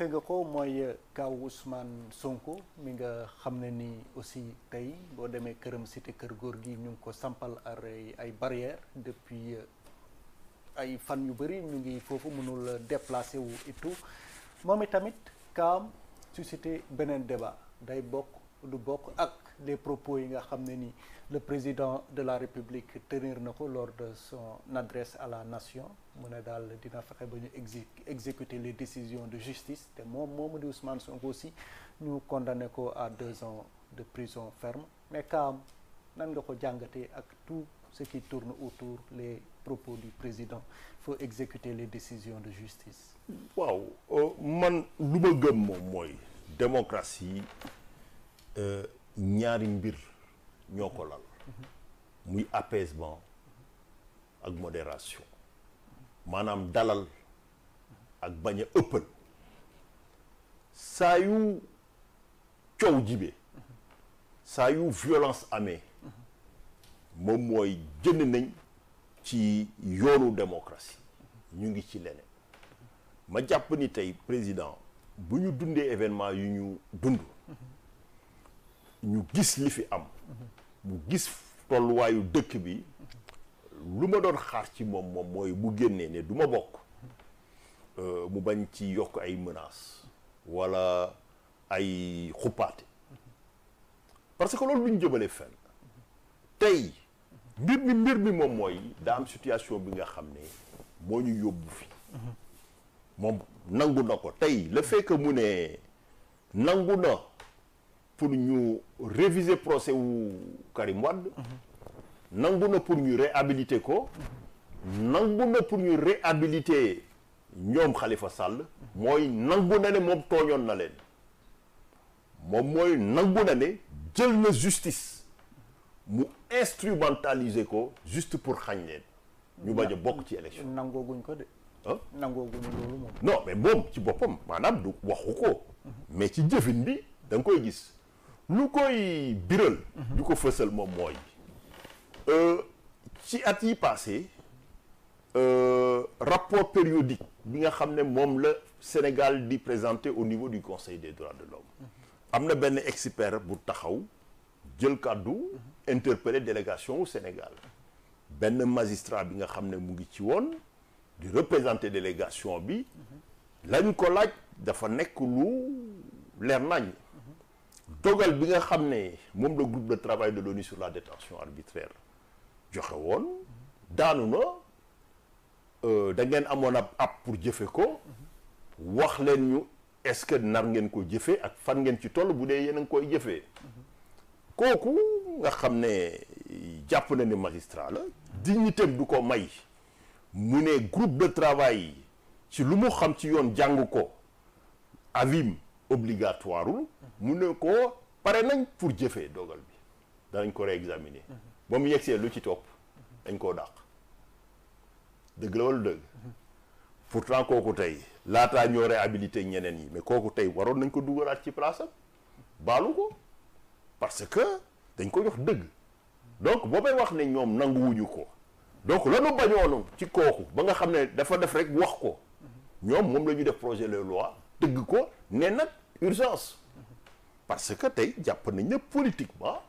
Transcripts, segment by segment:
tëj nga ko mooy euh, kaw Ousmane Sonko mi nga xam ne ni aussi tey boo demee këram cité kër góor gi ñu ngi ko sampal ay ay barrière depuis euh, ay fan yu bëri ñu ngi foofu mënul euh, déplacé wu et tout moom itamit kaam suscité beneen débat day bokk du bokk ak les propos yi nga xam ne ni le président de la république tenir na ko lors de son adresse à la nation mu ne daal dina fexe ba ñu exé exécuter les décisions de justice te moom moomu di Ousmane Sonko aussi ñu condamné ko à deux ans de prison ferme mais kaam nan nga ko jàngatee ak tout ce qui tourne autour les propos du président il faut exécuter les décisions de justice waaw euh, man lu ma gëm moom mooy démocratie euh, ñaari mbir ñoo ko lal muy apaisement ak modération maanaam dalal ak bañ a ëppal saa yu coow jibee saa yu violence amee moom mooy jënd nañ ci yoonu démocratie ñu ngi ci leneen ma jàpp ni tey président bu ñu dundee événement yu ñu dund ñu gis li fi am mu gis tolluwaayu dëkk bi lu ma doon xaar ci moom moom mooy bu génnee ne duma ma bokk euh, mu bañ ci yokk ay menaces wala ay xuppaate parce que loolu lu ñu jëmale fenn tey mbir mbir mi moom mooy daa am situation bi nga xam ne moo ñu yóbbu fi moom nangu na ko tey le fait mu ne nangu na pour ñu réviser procès wu Karim Wade nangu na pour ñu réhabiliter ko nangu na pour ñu réhabiliter ñoom xalifa sàll mooy nangu na ne moom tooñoon na leen moom mooy nangu na jël na justice mu ko juste pour xañ leen ñu bañ a bokk ci élection nangooguñ ko de moom ci boppam maanaam du waxu ko mhm. mais ci jëfin bi da koy gis lu koy biral lu ko fësal moom mooy euh, ci at yi passé euh, rapport périodique bi nga xam ne moom la Sénégal di présenté au niveau du Conseil des droits de l'homme am na benn expert bu taxaw jël kàddu interpeller délégation au Sénégal benn magistrat bi nga xam ne mu ngi ci woon di représenter délégation bi lañ ko laaj dafa nekk lu leer nañ dogal bi nga xam ne moom la groupe de travail de l'ONU sur la détention arbitraire joxe woon daanu na euh, da ngeen amoon ab ab pour jëfe ko wax leen ñu est-ce que nar ngeen ko jëfe ak fan ngeen ci toll bu dee yéen a koy jëfee kooku nga xam ne jàpp na ne magistrat la dignité du ko may mu ne groupe de travail ci lu mu xam ci yoon jàng ko avim obligatoireul mu ne ko pare nañ pour jëfee dogal bi danañ ko réexaminer ba mu yegsee lu ci topp dañ koo dàq dëgg la wala dëgg pourtant kooku tey laataa ñoo réhabilité ñeneen yi mais kooku tey waroon nañ ko dugalaat ci place am baalu ko parce que dañ ko jox dëgg donc boo may wax ne ñoom nanguwuñu ko donc lanu bañoonu ci kooku ba nga xam ne dafa def rek wax ko ñoom moom la ñu def projet le loi dëgg ko ne nag urgence parce que tey jàpp nañ ne politiquement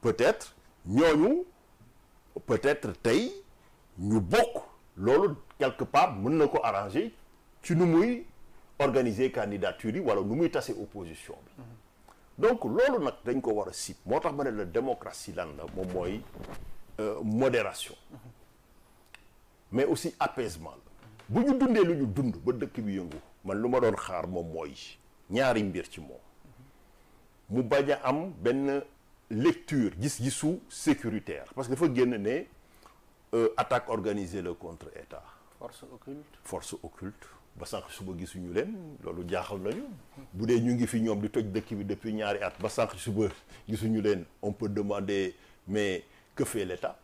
peut-être ñooñu peut-être tey ñu bokk loolu quelque part mën na ko arranger ci nu muy organiser candidature yi wala nu muy tase opposition bi donc loolu nag dañ ko war a sib moo tax ma ne la démocratie lan la moom mooy euh, modération mais aussi apaisement la bu ñu dundee lu ñu dund ba dëkk bi yëngu man lu ma doon xaar moom mooy ñaari mbir ci moom mu bañ a am benn lecture gis-gisu sécuritaire parce que dafa génn ne euh, attaque organisée le contre état. force occulte force occulte ba sànq suba gisuñu leen loolu jaaxal nañu. bu dee ñu ngi fi ñoom di toj dëkk bi depuis ñaari at ba sànq suba gisuñu leen on peut demander mais que fait l'état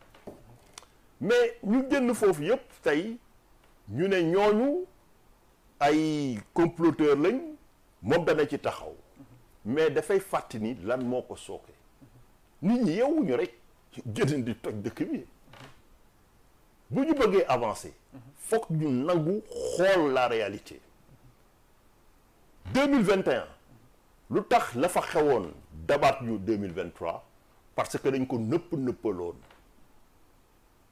mais ñu génn foofu yépp tey ñu ne ñooñu ay comploteurs lañ. moom dana ci taxaw mais dafay fàtt ni lan moo ko sooke nit ñi yeewuñu rek génn di toj dëkk bi bu ñu bëggee avancé foog ñu nangu xool la réalité 2021 lu tax la fa xewoon dabaat ñu parce que dañ ko nëpp nëppaloon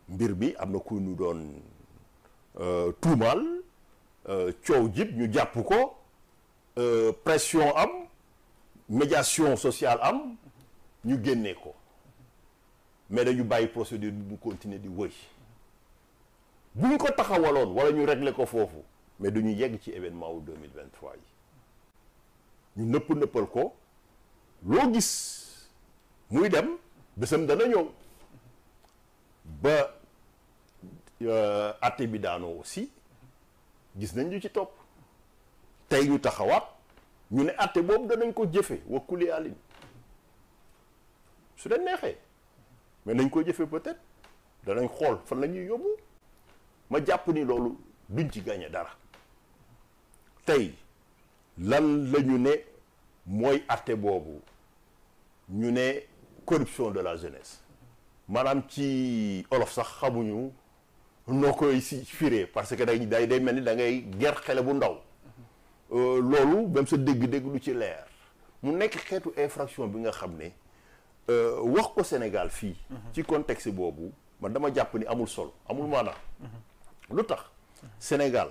mbir bi am na ku ñu doon euh, tuumaal euh, coow jib ñu jàpp ko Euh, pression am médiation sociale am ñu génnee ko mais dañu bàyyi procédure bi mu continuer di wëy bu ñu ko taxawaloon walla ñu regle ko foofu mais du ñu yegg ci événement wu 2023 yi ñu nëpp nëppal ko loo gis muy dem bésam dana ñëw ba àtte euh, bi daanoo aussi gis nañ ñu ci topp tey ñu taxawaat ñu ne atte boobu danañ ko jëfe wa kuli alin su leen neexee mais nañ ko jëfe peut-être danañ xool fan la ñuy yóbbu ma jàpp ni loolu duñ ci gagné dara tey lan la ñu ne mooy atte boobu ñu ne corruption de la jeunesse maanaam ci olof sax xamuñu noo koy si firee parce que day day day mel ni da ngay ger xele bu ndaw Euh, loolu même sa dégg-dégg lu ci leer mu nekk xeetu infraction bi nga xam ne euh, wax ko Sénégal fii. Mhm. ci contexte boobu man dama jàpp ni amul solo amul maanaam. Mhm. lu tax mhm. Sénégal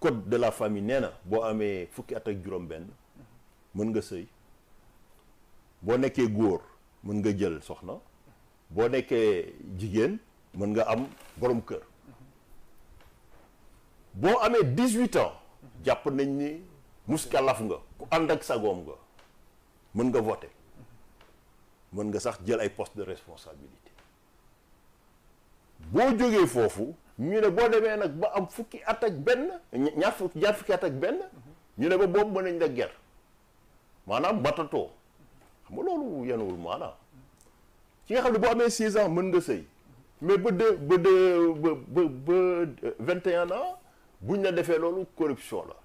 code de la famille nee na boo amee fukki at ak juróom-benn mën nga sëy boo nekkee góor mën nga jël soxna boo nekkee jigéen mën nga am boroom kër boo amee dix-huit ans. jàpp nañ ni muskalaf nga ku ànd ak sagoom nga mën nga voter mën nga sax jël ay poste de responsabilité boo jógee foofu ñu ne boo demee nag ba am fukki at ak benn ñaar fukki ñaar at ak benn ñu ne ba boobu mën nañ la ger maanaam matatoo xam nga loolu yenuwul maanaam ci nga xam ne boo amee 6 ans mën nga sëy mais ba de ba de ba ba 21 ans ñu la defee loolu corruption la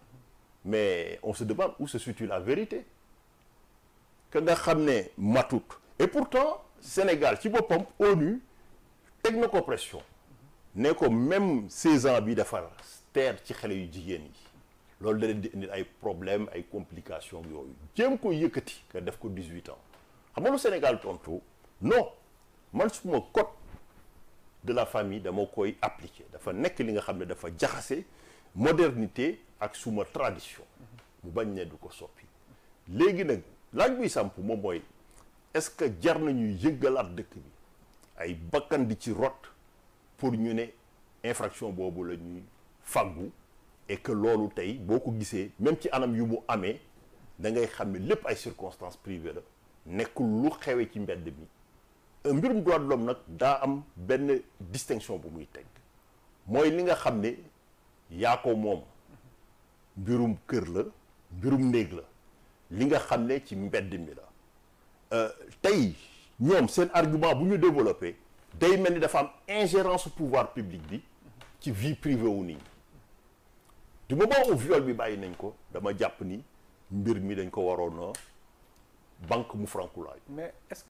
mais on se demande où se situe la vérité que nga xam ne matut et pourtant Sénégal ci boppam ONU teg na ko pression ne ko même 16 bi dafa teer ci xale yu jigéen yi loolu da leen di indil ay problème ay complication yooyu jéem ko yëkkati nga def ko 18 ans xam nga lu Sénégal tontu non man su ma de la famille dama koy appliquer dafa nekk li nga xam ne dafa jaxase modernité ak suma tradition mu bañ ne du ko soppi léegi nag laaj buy samp moom mooy est-ce que jar nañuy yëngalaat dëkk bi ay bakkandi ci rot pour ñu ne infraction boobu la ñuy fàggu et que loolu tey boo ko gisee même ci anam yu mu amee da ngay xam ne lépp ay circonstances privées la nekkul lu xewee ci mbedd mi Euh, mbirum droit de l'homme nag daa am benn distinction bu muy teg mooy li nga xam ne yaa ko moom mbirum kër la mbirum néeg la li nga xam ne ci mbedd mi la euh, tey ñoom seen argument bu ñu développé day mel ni dafa am ingérence pouvoir public bi ci vie privée wu nit ñi du moment où viol bi bàyyi nañ ko dama jàpp ni mbir mi dañ ko waroon banque mu frankulaayu